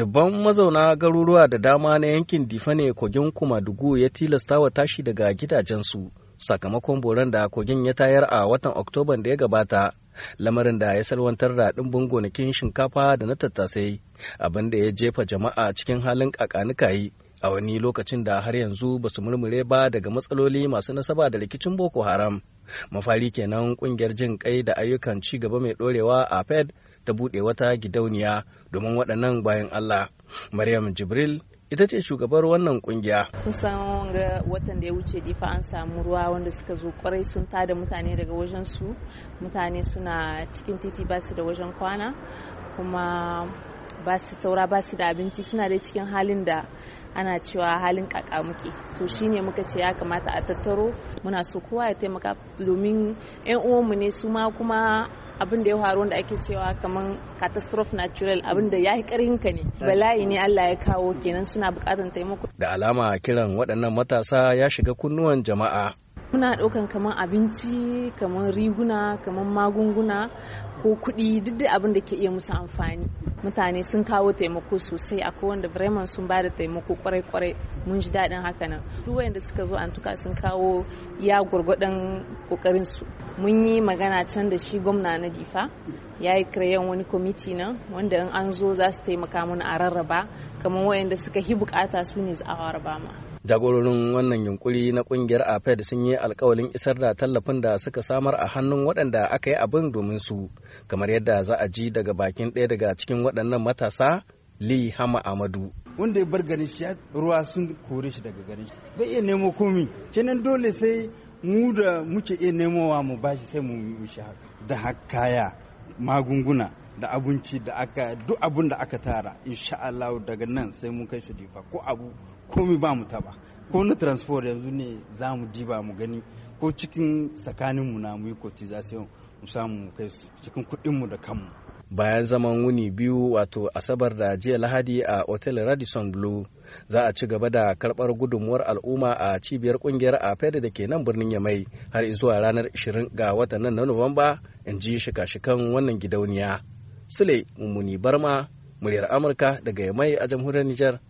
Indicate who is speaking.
Speaker 1: dubban mazauna garuruwa da dama na yankin difane kogin kuma kumadugu ya tilasta wa tashi daga gidajensu sakamakon boron da kogin ya tayar a watan oktoban da ya gabata lamarin da ya salwantar da ɗimbin gonakin shinkafa da na tattasai abin da ya jefa jama'a cikin halin kakanikayi a wani lokacin da har yanzu ba su murmure ba daga matsaloli masu nasaba da rikicin boko haram mafari kenan kungiyar jin kai da ayyukan ci gaba mai dorewa a fed ta buɗe wata gidauniya domin waɗannan bayan allah maryam jibril ita ce shugabar wannan kungiya.
Speaker 2: kusan ga watan da ya wuce difa an samu ruwa wanda suka zo kwarai sun tada mutane daga wajen su mutane suna cikin titi basu da wajen kwana kuma ba su saura ba su da abinci suna da cikin halin da ana cewa halin kaka muke to shine muka ce ya kamata a tattaro muna so kowa ya taimaka domin yan uwanmu ne su ma kuma abin da ya faru wanda ake cewa kamar catastrophe natural abin da ya yi karhin ka ne bala'i ne Allah ya kawo kenan suna bukatar taimako
Speaker 1: da alama kiran waɗannan matasa ya shiga kunnuwan jama'a
Speaker 2: muna ɗaukan kamar abinci kamar riguna kamar magunguna ko kuɗi duk da abin da ke iya musu amfani mutane sun kawo taimako sosai akwai wanda bremen sun ba da taimako kwarai kwarai mun ji daɗin haka nan duk wanda suka zo an tuka sun kawo ya gwargwadon kokarin su mun yi magana can da shi gwamna na difa ya yi kiran wani kwamiti nan wanda in an zo za su taimaka mana a rarraba kamar wayanda suka hi bukata su ne za a rarraba ma
Speaker 1: Jagororin wannan yunkuri na kungiyar APED sun yi alkawalin isar da tallafin da suka samar a hannun waɗanda aka yi abin domin su, kamar yadda za a ji daga bakin ɗaya daga cikin waɗannan matasa Li Hama Amadu.
Speaker 3: Wanda ya bar garin shi ruwa sun kore shi daga garin shi. Bai iya nemo komi, kenan dole sai mu da muke iya nemowa mu bashi sai mu yi shi haka. Da kaya, magunguna, da abinci da aka duk abun da aka tara insha Allah daga nan sai mun kai shi difa ko abu komi ba mu taba ko na transport yanzu ne za mu diba mu gani ko cikin tsakaninmu na mu yi cotization mu samu kai cikin mu da kanmu
Speaker 1: bayan zaman wuni biyu wato asabar da jiya lahadi a otel radisson blue za a ci gaba da karbar gudunmuwar al'umma a cibiyar kungiyar afed da ke nan birnin yamai har zuwa ranar 20 ga watan nan na nuwamba in ji shika-shikan wannan gidauniya Sule Mummuni Barma, muryar Amurka daga Yamai a jamhuriyar Nijar.